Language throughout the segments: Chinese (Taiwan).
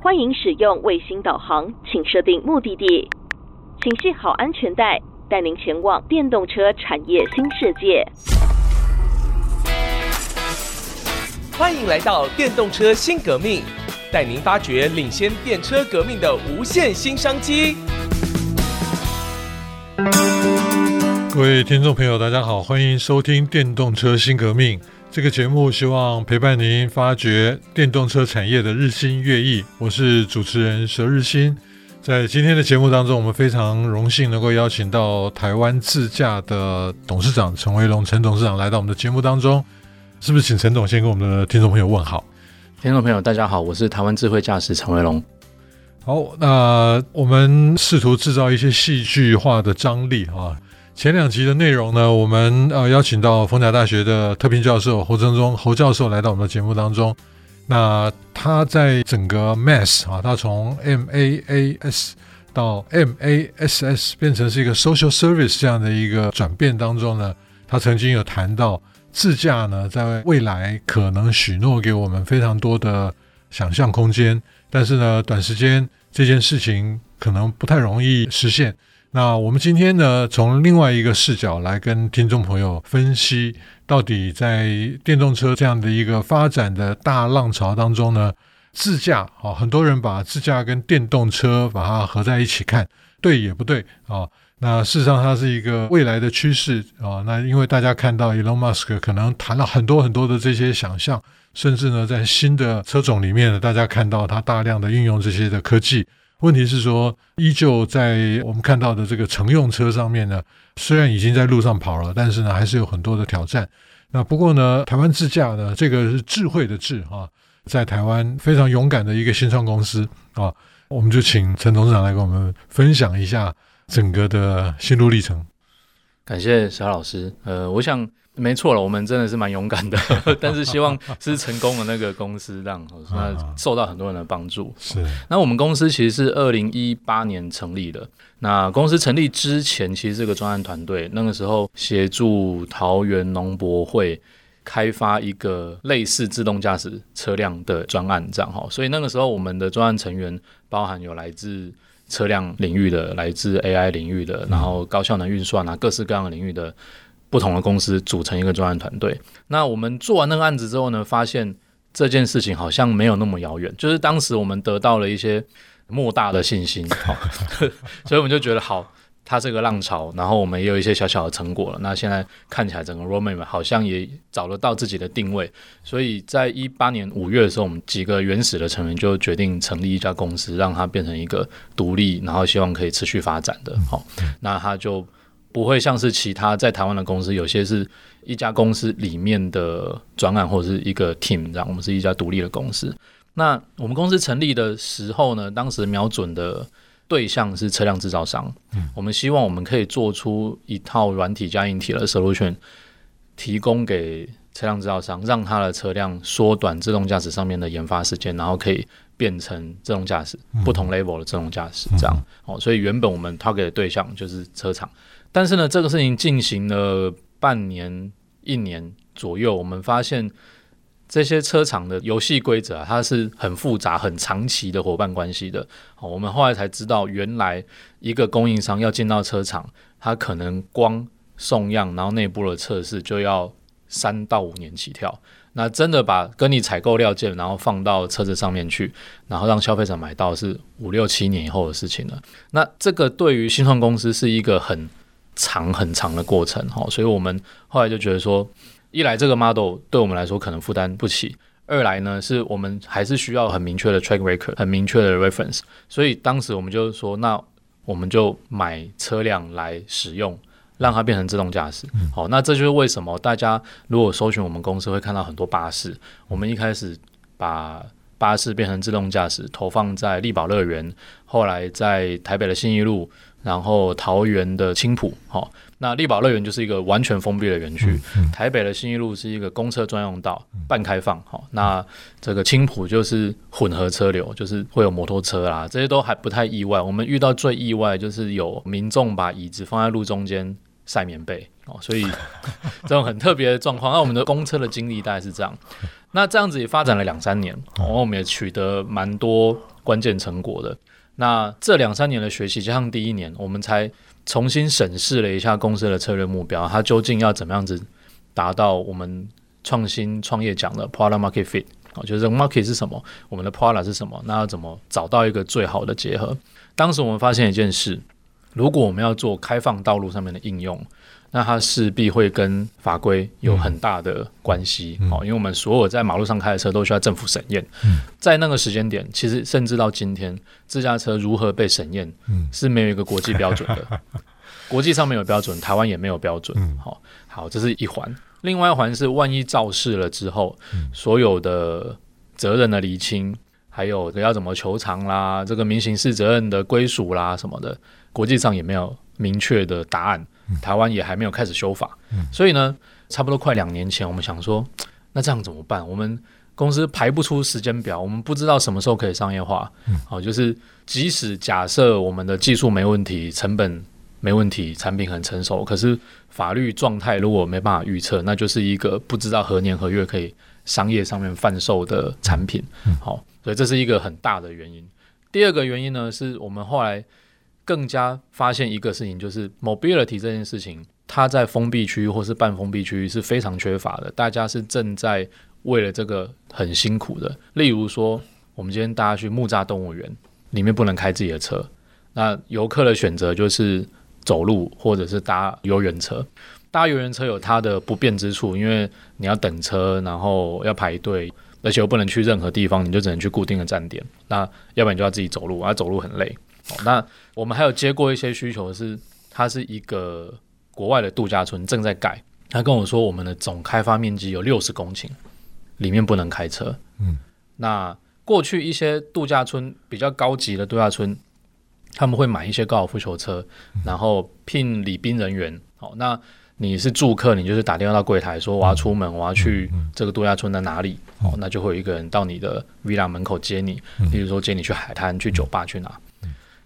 歡迎使用衛星導航，請設定目的地，請繫好安全帶，帶您前往電動車產業新世界。歡迎來到電動車新革命，帶您發掘領先電車革命的無限新商機。各位聽眾朋友，大家好，歡迎收聽電動車新革命。這個節目希望陪伴您發掘電動車產業的日新月異。我是主持人佘日新，在今天的節目當中，我們非常榮幸能夠邀請到台灣智駕的董事長陳維隆，陳董事長來到我們的節目當中，是不是請陳總先跟我們的聽眾朋友問好？聽眾朋友，大家好，我是台灣智慧駕駛陳維隆。好，那我們試圖製造一些戲劇化的張力啊。前兩集的內容呢，我們呃邀請到逢甲大學的特聘教授侯正中侯教授來到我們的節目當中。那他在整個 Mass 啊，他從 M A A S 到 M A S S 變成是一個 social service 這樣的一個轉變當中呢，他曾經有談到自駕呢，在未來可能許諾給我們非常多的想象空間，但是呢，短時間這件事情可能不太容易實現。那我們今天呢，從另外一個視角來跟聽眾朋友分析，到底在電動車這樣的一個發展的大浪潮當中呢，自駕啊、哦，很多人把自駕跟電動車把它合在一起看，對也不對啊、哦？那事實上它是一個未來的趨勢啊、哦。那因為大家看到 Elon Musk 可能談了很多很多的這些想象，甚至呢，在新的車種裡面呢，大家看到它大量的運用這些的科技。問題是說，依舊在我們看到的這個乘用車上面呢，雖然已經在路上跑了，但是呢，還是有很多的挑戰。那不過呢，台灣自駕呢，這個是智慧的智啊，在台灣非常勇敢的一個新創公司啊，我們就請陳董事長來跟我們分享一下整個的心路歷程。感謝小老師。呃，我想。沒錯了，我們真的是蠻勇敢的， 但是希望是成功的那個公司，這樣那 受到很多人的幫助啊啊。是，那我們公司其實是二零一八年成立的。那公司成立之前，其實是個專案團隊，那個時候協助桃園農博會開發一個類似自動駕駛車輛的專案，這樣。所以那個時候，我們的專案成員包含有來自車輛領域的、來自 AI 領域的，嗯、然後高效能運算啊，各式各樣的領域的。不同的公司組成一個專案團隊。那我們做完那個案子之後呢，發現這件事情好像沒有那麼遙遠，就是當時我們得到了一些莫大的信心， 所以我們就覺得好，它是個浪潮。然後我們也有一些小小的成果了。那現在看起來，整個 roadmap 好像也找得到自己的定位。所以在一八年五月的時候，我們幾個原始的成員就決定成立一家公司，讓它變成一個獨立，然後希望可以持續發展的。好、嗯，嗯、那他就。不會像是其他在台灣的公司，有些是一家公司裡面的專案，或者是一個 team 這樣。我們是一家獨立的公司。那我們公司成立的時候呢，當時瞄準的對象是車輛制造商。嗯，我們希望我們可以做出一套軟體加硬體的 solution，提供給車輛制造商，讓他的車輛縮短自動駕駛上面的研發時間，然後可以變成自動駕駛、嗯、不同 level 的自動駕駛這樣。嗯、哦，所以原本我們 target 的對象就是車廠。但是呢，這個事情進行了半年、一年左右，我們發現這些車廠的遊戲規則啊，它是很複雜、很長期的夥伴關係的。好，我們後來才知道，原來一個供應商要進到車廠，他可能光送樣，然後內部的測試就要三到五年起跳。那真的把跟你採購料件，然後放到車子上面去，然後讓消費者買到，是五六七年以後的事情了。那這個對於新創公司是一個很長很長的過程好。所以我們後來就覺得說，一來這個 model 對我們來說可能負擔不起，二來呢是我們還是需要很明確的 track record，很明確的 reference，所以當時我們就是說，那我們就買車輛來使用，讓它變成自動駕駛。嗯、好，那這就是為什麼大家如果搜尋我們公司會看到很多巴士。我們一開始把巴士變成自動駕駛，投放在麗寶樂園，後來在台北的信義路。然後桃園的青埔。好，那麗寶樂園就是一個完全封閉的園區。嗯嗯、台北的信義路是一個公車專用道，嗯、半開放。好，那這個青埔就是混合車流，就是會有摩托車啦，這些都還不太意外。我們遇到最意外就是有民眾把椅子放在路中間曬棉被哦，所以這種很特別的狀況。 那我們的公車的經歷大概是這樣。那這樣子也發展了兩三年，然後、嗯哦、我們也取得蠻多關鍵成果的。那這兩三年的學習，加上第一年，我們才重新審視了一下公司的策略目標，它究竟要怎麼樣子達到我們創新創業講的 product market fit 啊？就是這個 market 是什麼，我們的 product 是什麼，那要怎麼找到一個最好的結合？當時我們發現一件事：如果我們要做開放道路上面的應用。那它勢必會跟法規有很大的關係，好、嗯，嗯、因為我們所有在馬路上開的車都需要政府審驗。嗯、在那個時間點，其實甚至到今天，自駕車如何被審驗，嗯、是沒有一個國際標準的。 國際上沒有標準，台灣也沒有標準。好、嗯，好，這是一環。另外一環是，萬一肇事了之後，嗯、所有的責任的釐清，還有要怎麼求償啦，這個民刑事責任的歸屬啦什麼的，國際上也沒有明確的答案，台灣也還沒有開始修法，嗯、所以呢，差不多快兩年前，我們想說，那這樣怎麼辦？我們公司排不出時間表，我們不知道什麼時候可以商業化。好、嗯哦，就是即使假設我們的技術沒問題，成本沒問題，產品很成熟，可是法律狀態如果沒辦法預測，那就是一個不知道何年何月可以商業上面販售的產品。好、嗯哦，所以這是一個很大的原因。第二個原因呢，是我們後來。更加發現一個事情，就是 mobility 這件事情，它在封閉區或是半封閉區是非常缺乏的。大家是正在為了這個很辛苦的。例如說，我們今天大家去木柵動物園，裡面不能開自己的車，那遊客的選擇就是走路或者是搭遊園車。搭遊園車有它的不便之處，因為你要等車，然後要排隊，而且又不能去任何地方，你就只能去固定的站點。那要不然你就要自己走路，而、啊、走路很累。哦、那我們還有接過一些需求是，是它是一個國外的度假村正在改。他跟我說，我們的總開發面積有六十公頃，裡面不能開車。嗯，那過去一些度假村比較高級的度假村，他們會買一些高爾夫球車，然後聘禮賓人員。好、哦，那你是住客，你就是打電話到櫃台說，我要出門，我要去這個度假村的哪裡？哦，那就會有一個人到你的 villa 門口接你，比如說接你去海灘、去酒吧去、去哪。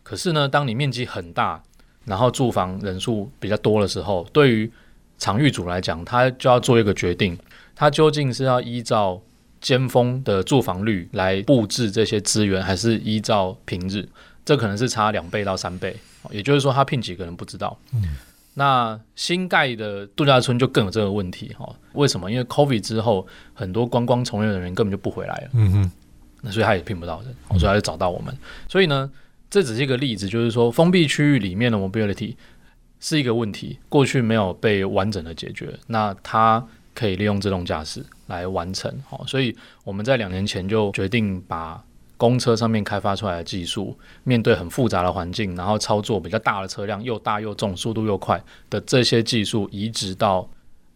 可是呢，當你面積很大，然後住房人數比較多的時候，對於場域主來講，他就要做一個決定：他究竟是要依照尖峰的住房率來布置這些資源，還是依照平日？這可能是差兩倍到三倍。也就是說，他聘幾個人不知道。嗯、那新蓋的度假村就更有這個問題哈？為什麼？因為 COVID 之後，很多觀光從業的人根本就不回來了。嗯嗯哼，那所以他也聘不到人，所以他就找到我們。嗯、所以呢？這只是一個例子，就是說，封閉區域裡面的 mobility 是一個問題，過去沒有被完整的解決。那它可以利用自動駕駛來完成。好、哦，所以我們在兩年前就決定把公車上面開發出來的技術，面對很複雜的環境，然後操作比較大的車輛，又大又重，速度又快的這些技術，移植到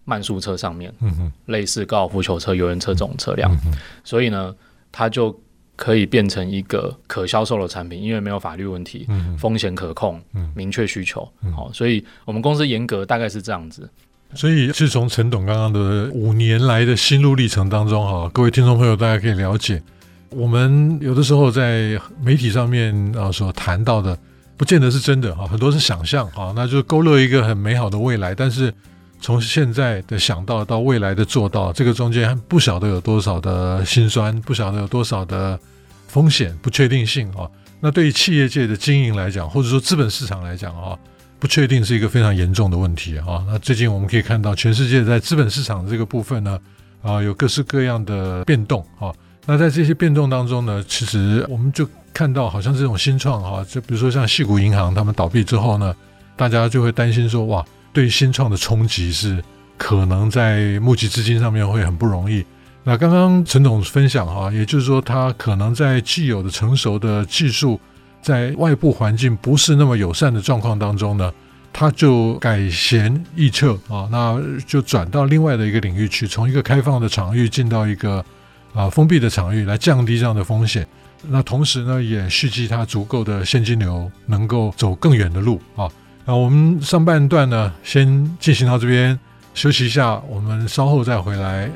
慢速車上面，嗯、哼類似高爾夫球車、遊園車這種車輛。嗯、哼所以呢，它就。可以變成一個可銷售的產品，因為沒有法律問題，嗯、風險可控，嗯、明確需求。好、嗯，嗯、所以我們公司嚴格，大概是這樣子。所以，是從陳董剛剛的五年來的心路歷程當中，哈，各位聽眾朋友，大家可以了解，我們有的時候在媒體上面啊，所談到的，不見得是真的啊，很多是想象啊，那就勾勒一個很美好的未來，但是。從現在的想到到未來的做到，這個中間還不曉得有多少的辛酸，不曉得有多少的風險不確定性啊、哦。那對於企業界的經營來講，或者說資本市場來講啊、哦，不確定是一個非常嚴重的問題啊、哦。那最近我們可以看到，全世界在資本市場這個部分呢，啊，有各式各樣的變動啊、哦。那在這些變動當中呢，其實我們就看到，好像這種新創哈、哦，就比如說像矽谷銀行他們倒閉之後呢，大家就會擔心說，哇。對新創的衝擊是可能在募集資金上面會很不容易。那剛剛陳總分享哈、啊，也就是說，他可能在既有的成熟的技術，在外部環境不是那麼友善的狀況當中呢，他就改弦易轍啊，那就轉到另外的一個領域去，從一個開放的場域進到一個啊封閉的場域，來降低這樣的風險。那同時呢，也蓄積他足夠的現金流，能夠走更遠的路啊。啊，我們上半段呢，先進行到這邊，休息一下，我們稍後再回來。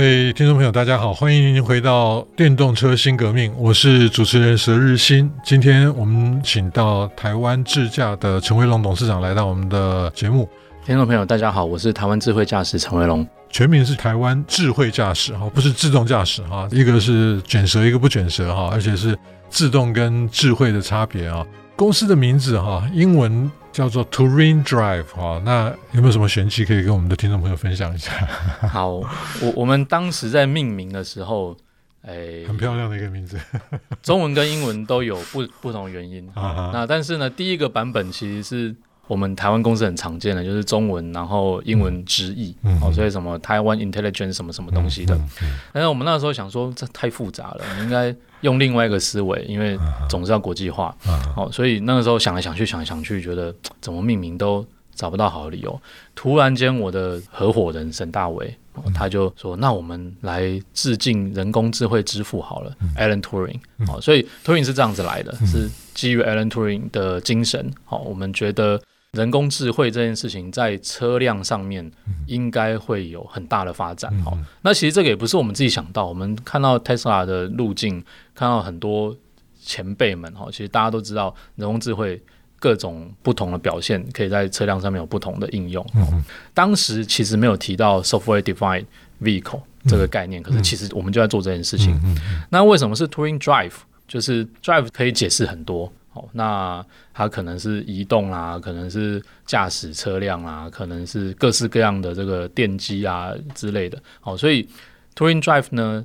各位聽眾朋友，大家好，歡迎您回到《電動車新革命》，我是主持人佘日新。今天我們請到台灣智駕的陳維隆董事長來到我們的節目。聽眾朋友，大家好，我是台灣智慧駕駛陳維隆，全名是台灣智慧駕駛哈，不是自動駕駛哈，一個是捲舌，一個不捲舌哈，而且是自動跟智慧的差別啊。公司的名字哈，英文。叫做 Turing Drive，哦，那有沒有什麼玄機可以跟我們的聽眾朋友分享一下？ 好，我我們當時在命名的時候，哎，很漂亮的一個名字， 中文跟英文都有不不同原因，那但是呢，第一個版本其實是我們台灣公司很常見的，就是中文然後英文直譯，嗯、哦，嗯、所以什麼台灣 i n Intelligence 什麼什麼東西的。嗯嗯、是。但是我們那時候想說，這太複雜了，應該。用另外一個思維，因為總是要國際化，好、uh huh. 哦，所以那個時候想來想去，想來想去，覺得怎麼命名都找不到好的理由。突然間，我的合夥人沈大為、哦、他就說：“嗯、那我們來致敬人工智慧之父好了、嗯、，Alan Turing。哦”好，所以“ Turing 是這樣子來的，是基於 Alan Turing 的精神。好、哦，我們覺得。人工智慧這件事情在車輛上面應該會有很大的發展，哈、嗯哦。那其實這個也不是我們自己想到，我們看到 Tesla 的路徑，看到很多前輩們，哈、哦。其實大家都知道，人工智慧各種不同的表現可以在車輛上面有不同的應用。嗯哦、當時其實沒有提到 software defined vehicle 這個概念，嗯、可是其實我們就在做這件事情。嗯嗯嗯、那為什麼是 Turing Drive？就是 drive 可以解釋很多。那它可能是移動啊，可能是駕駛車輛啊，可能是各式各樣的這個電機啊之類的。好，所以 Turing Drive 呢，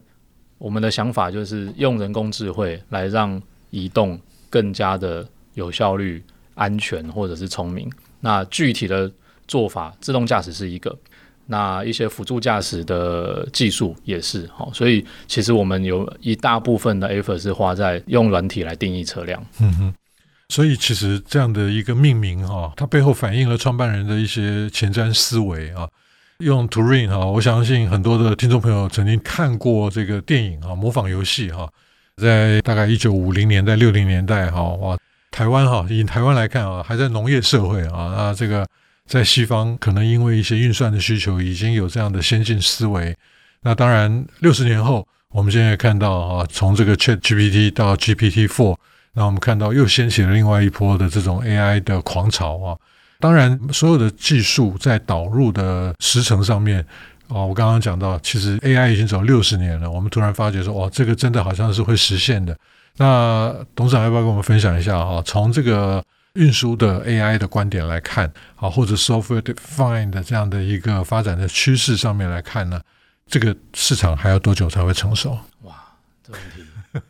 我們的想法就是用人工智慧來讓移動更加的有效率、安全或者是聰明。那具體的做法，自動駕駛是一個，那一些輔助駕駛的技術也是。好，所以其實我們有一大部分的 effort 是花在用軟體來定義車輛。嗯哼。所以，其實這樣的一個命名哈、啊，它背後反映了創辦人的一些前瞻思維啊。用 Turing、啊、哈，我相信很多的聽眾朋友曾經看過這個電影啊，模仿遊戲哈、啊，在大概一九五零年代、六零年代哈、啊，哇、啊，台灣哈、啊，以台灣來看啊，還在農業社會啊，那這個在西方可能因為一些運算的需求，已經有這樣的先進思維。那當然，六十年後，我們現在看到啊，從這個 Chat GPT 到 GPT Four。那我們看到又掀起了另外一波的這種 AI 的狂潮啊！當然，所有的技術在導入的時程上面啊、哦，我剛剛講到，其實 AI 已經走六十年了，我們突然發覺說，哇，這個真的好像是會實現的。那董事長要不要跟我們分享一下啊？從這個運輸的 AI 的觀點來看啊，或者 software defined 的這樣的一個發展的趨勢上面來看呢，這個市場還要多久才會成熟？哇，這問題，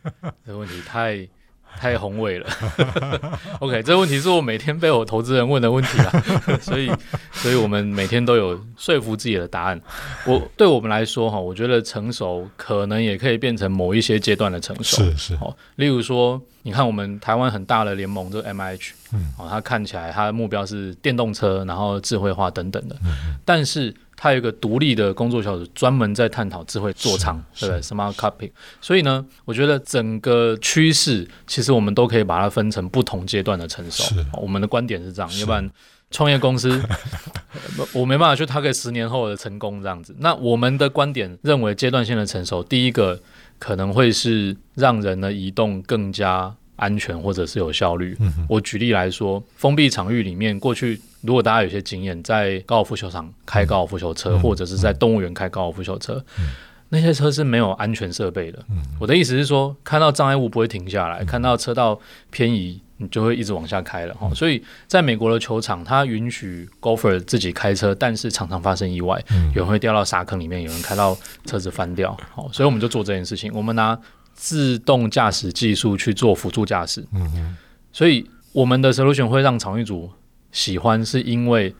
這問題太…… 太宏偉了 ，OK，這問題是我每天被我投資人問的問題啊， 所以，所以我們每天都有說服自己的答案。我對我們來說哈，我覺得成熟可能也可以變成某一些階段的成熟，是是。好，例如說，你看我們台灣很大的聯盟，就是 MIH，哦，它看起來它的目標是電動車，然後智慧化等等的，嗯、但是。它有一個獨立的工作小組，專門在探討智慧座艙，是對不對是？Smart Copy。所以呢，我覺得整個趨勢其實我們都可以把它分成不同階段的成熟。是我們的觀點是這樣，是要不然創業公司是、 呃、我沒辦法去 target 十年後的成功這樣子。那我們的觀點認為階段性的成熟，第一個可能會是讓人的移動更加安全或者是有效率。嗯、哼我舉例來說，封閉場域裡面過去。如果大家有些經驗，在高爾夫球場開高爾夫球車，或者是在動物園開高爾夫球車，嗯、那些車是沒有安全設備的。嗯、我的意思是說，看到障礙物不會停下來，嗯、看到車道偏移，你就會一直往下開了哈。嗯、所以，在美國的球場，它允許 golfer 自己開車，但是常常發生意外，嗯、有人會掉到沙坑裡面，有人開到車子翻掉。好、嗯，所以我們就做這件事情，我們拿自動駕駛技術去做輔助駕駛、嗯。嗯所以我們的 solution 會讓場域組。喜歡是因為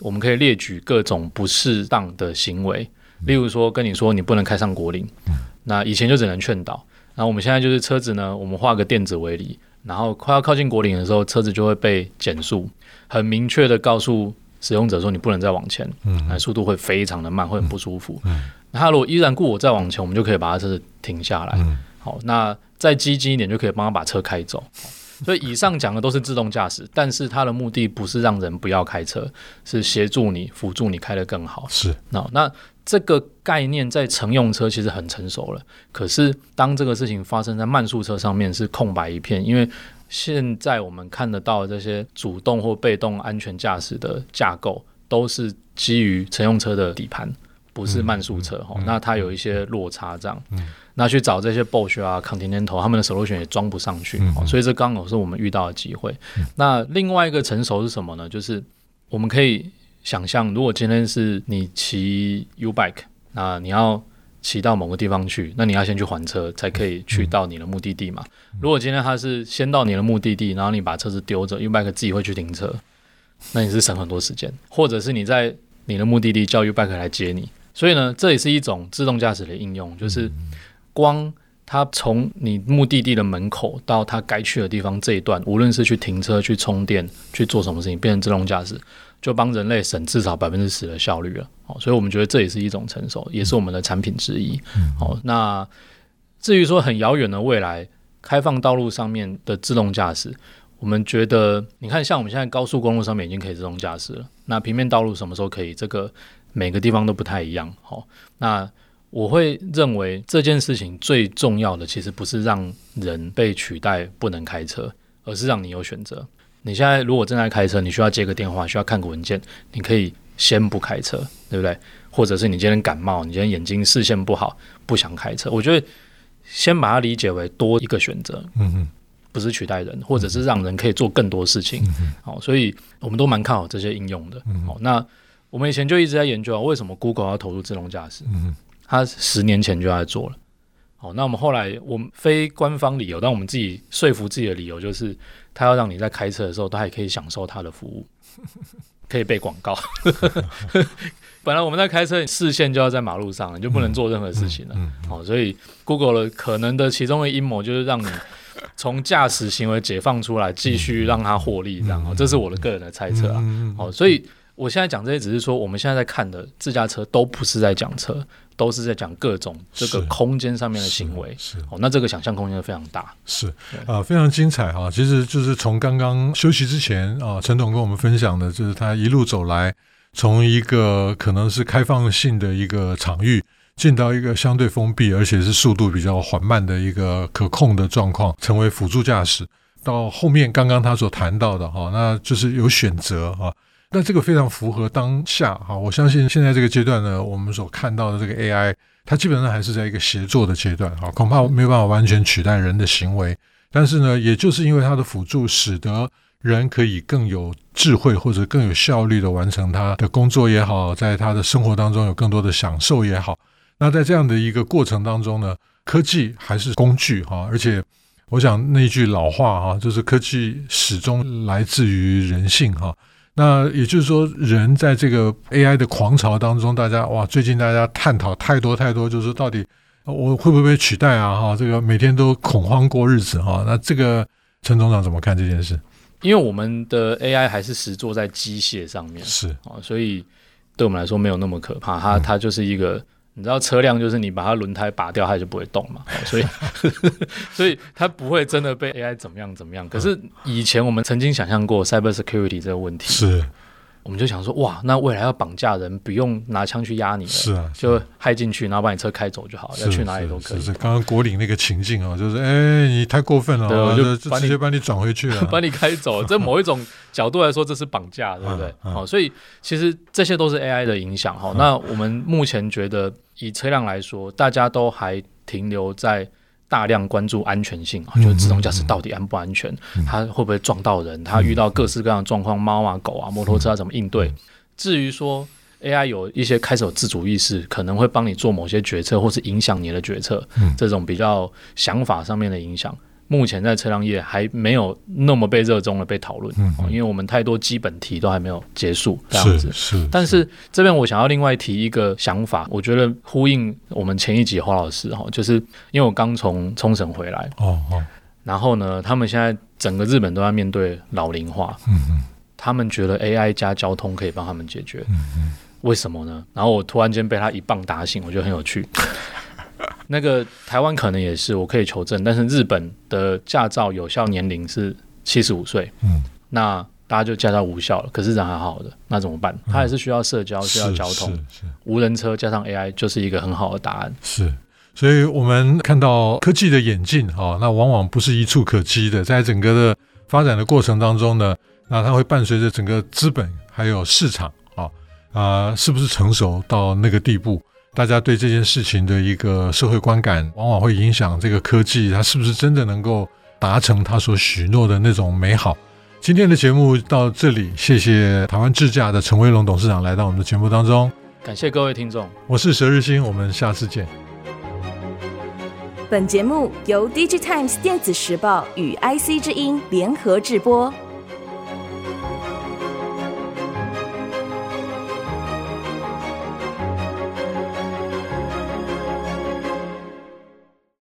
我們可以列舉各種不適當的行為，例如說跟你說你不能開上果嶺，那以前就只能勸導，那我們現在就是車子呢，我們畫個電子圍籬，然後快要靠近果嶺的時候，車子就會被減速，很明確的告訴使用者說，你不能再往前，速度會非常的慢，會很不舒服。那他如果依然故我再往前，我們就可以把他車子停下來。好，那再積極一點，就可以幫他把車開走。所以以上講的都是自動駕駛，但是它的目的不是讓人不要開車，是協助你、輔助你開得更好。是，那那這個概念在乘用車其實很成熟了，可是當這個事情發生在慢速車上面是空白一片，因為現在我們看得到的這些主動或被動安全駕駛的架構都是基於乘用車的底盤。不是慢速車哈，嗯嗯嗯、那它有一些落差這樣，嗯、那去找這些 Bosch 啊 Continental 他們的 Solution 也裝不上去，嗯嗯、所以這剛好是我們遇到的機會。嗯、那另外一個成熟是什麼呢？就是我們可以想象，如果今天是你騎 U bike，那你要騎到某個地方去，那你要先去還車才可以去到你的目的地嘛。嗯嗯、如果今天他是先到你的目的地，然後你把車子丟着 U bike 自己會去停車，那你是省很多時間， 或者是你在你的目的地叫 U bike 來接你。所以呢，這也是一種自動駕駛的應用，就是光它從你目的地的門口到它該去的地方這一段，無論是去停車、去充電、去做什麼事情，變成自動駕駛，就幫人類省至少百分之十的效率了。好、哦，所以我們覺得這也是一種成熟，也是我們的產品之一。好、嗯哦，那至於說很遙遠的未來，開放道路上面的自動駕駛，我們覺得你看，像我們現在高速公路上面已經可以自動駕駛了，那平面道路什麼時候可以？這個？每個地方都不太一樣，好，那我會認為這件事情最重要的其實不是讓人被取代不能開車，而是讓你有選擇。你現在如果正在開車，你需要接個電話，需要看個文件，你可以先不開車，對不對？或者是你今天感冒，你今天眼睛視線不好，不想開車。我覺得先把它理解為多一個選擇，嗯哼，不是取代人，或者是讓人可以做更多事情，好，嗯哼，所以我們都蠻看好這些應用的，好，嗯哼，那。我們以前就一直在研究啊，為什麼 Google 要投入自動駕駛？嗯，他十年前就在做了。好，那我們後來，我們非官方理由，但我們自己說服自己的理由就是，他要讓你在開車的時候，他還可以享受他的服務，可以被廣告。 本來我們在開車，視線就要在馬路上了，你就不能做任何事情了。好，所以 Google 的可能的其中的陰謀就是讓你從駕駛行為解放出來，繼續讓他獲利，這樣啊。這是我的個人的猜測啊。好，所以。我現在講這些只是說，我們現在在看的自駕車都不是在講車，都是在講各種這個空間上面的行為。是是是哦，那這個想象空間非常大，是對啊，非常精彩哈、啊。其實就是從剛剛休息之前啊，陳總跟我們分享的，就是他一路走來，從一個可能是開放性的一個場域，進到一個相對封閉而且是速度比較緩慢的一個可控的狀況，成為輔助駕駛，到後面剛剛他所談到的哈、啊，那就是有選擇啊。那這個非常符合當下哈，我相信現在這個階段呢，我們所看到的這個 AI，它基本上還是在一個協作的階段哈，恐怕沒有辦法完全取代人的行為。但是呢，也就是因為它的輔助，使得人可以更有智慧或者更有效率的完成他的工作也好，在他的生活當中有更多的享受也好。那在這樣的一個過程當中呢，科技還是工具哈，而且我想那句老話哈，就是科技始終來自於人性哈。那也就是說，人在這個 AI 的狂潮當中，大家哇，最近大家探討太多太多，就是說到底我會不會被取代啊？哈，這個每天都恐慌過日子啊。那這個陳總長怎麼看這件事？因為我們的 AI 還是實作在機械上面，是啊，所以對我們來說沒有那麼可怕，它、嗯、它就是一個。你知道車輛就是你把它輪胎拔掉，它就不會動嘛，所以 所以它不會真的被 AI 怎麼樣怎麼樣。可是以前我們曾經想象過 cyber security 這個問題。是。我們就想說，哇，那未來要綁架人，不用拿槍去壓你了，是啊，就駭進去，然後把你車開走就好，是要去哪裡都可以。是，是，是剛剛果嶺那個情境啊。哦，就是，哎，你太過分了，我就，就直接把你轉回去了， 把你開走。這某一種角度來說，這是綁架， 對不對？好，啊啊哦，所以其實這些都是 AI 的影響。哦啊，那我們目前覺得，以車輛來說，大家都還停留在。大量關注安全性啊，就是自動駕駛到底安不安全？嗯嗯、它會不會撞到人？它遇到各式各樣的狀況，嗯嗯、貓啊、狗啊、摩托車要怎麼應對？嗯、至於說 AI 有一些開始有自主意識，可能會幫你做某些決策，或是影響你的決策，嗯、這種比較想法上面的影響。目前在車輛業還沒有那麼被熱衷的被討論，嗯、哼因為我們太多基本題都還沒有結束這樣子。是是是，但是這邊我想要另外提一個想法，我覺得呼應我們前一集花老師哈，就是因為我剛從沖繩回來哦，哦然後呢，他們現在整個日本都在面對老齡化，嗯、哼他們覺得 AI 加交通可以幫他們解決，嗯、哼為什麼呢？然後我突然間被他一棒打醒，我覺得很有趣。嗯 那個台灣可能也是，我可以求證。但是日本的駕照有效年齡是七十五歲，嗯，那大家就駕照無效了。可是人還好的，那怎麼辦？他還是需要社交，嗯、需要交通。是，是是無人車加上 AI 就是一個很好的答案。是，所以我們看到科技的演進啊，那往往不是一觸可及的。在整個的發展的過程當中呢，那它會伴隨着整個資本還有市場啊啊、哦呃，是不是成熟到那個地步？大家對這件事情的一個社會觀感，往往會影響這個科技，它是不是真的能夠達成他所許諾的那種美好。今天的節目到這裡，謝謝台灣智駕的陳維隆董事長來到我們的節目當中，感謝各位聽眾，我是佘日新，我們下次見。本節目由 Digitimes 電子時報與 I C 之音聯合制播。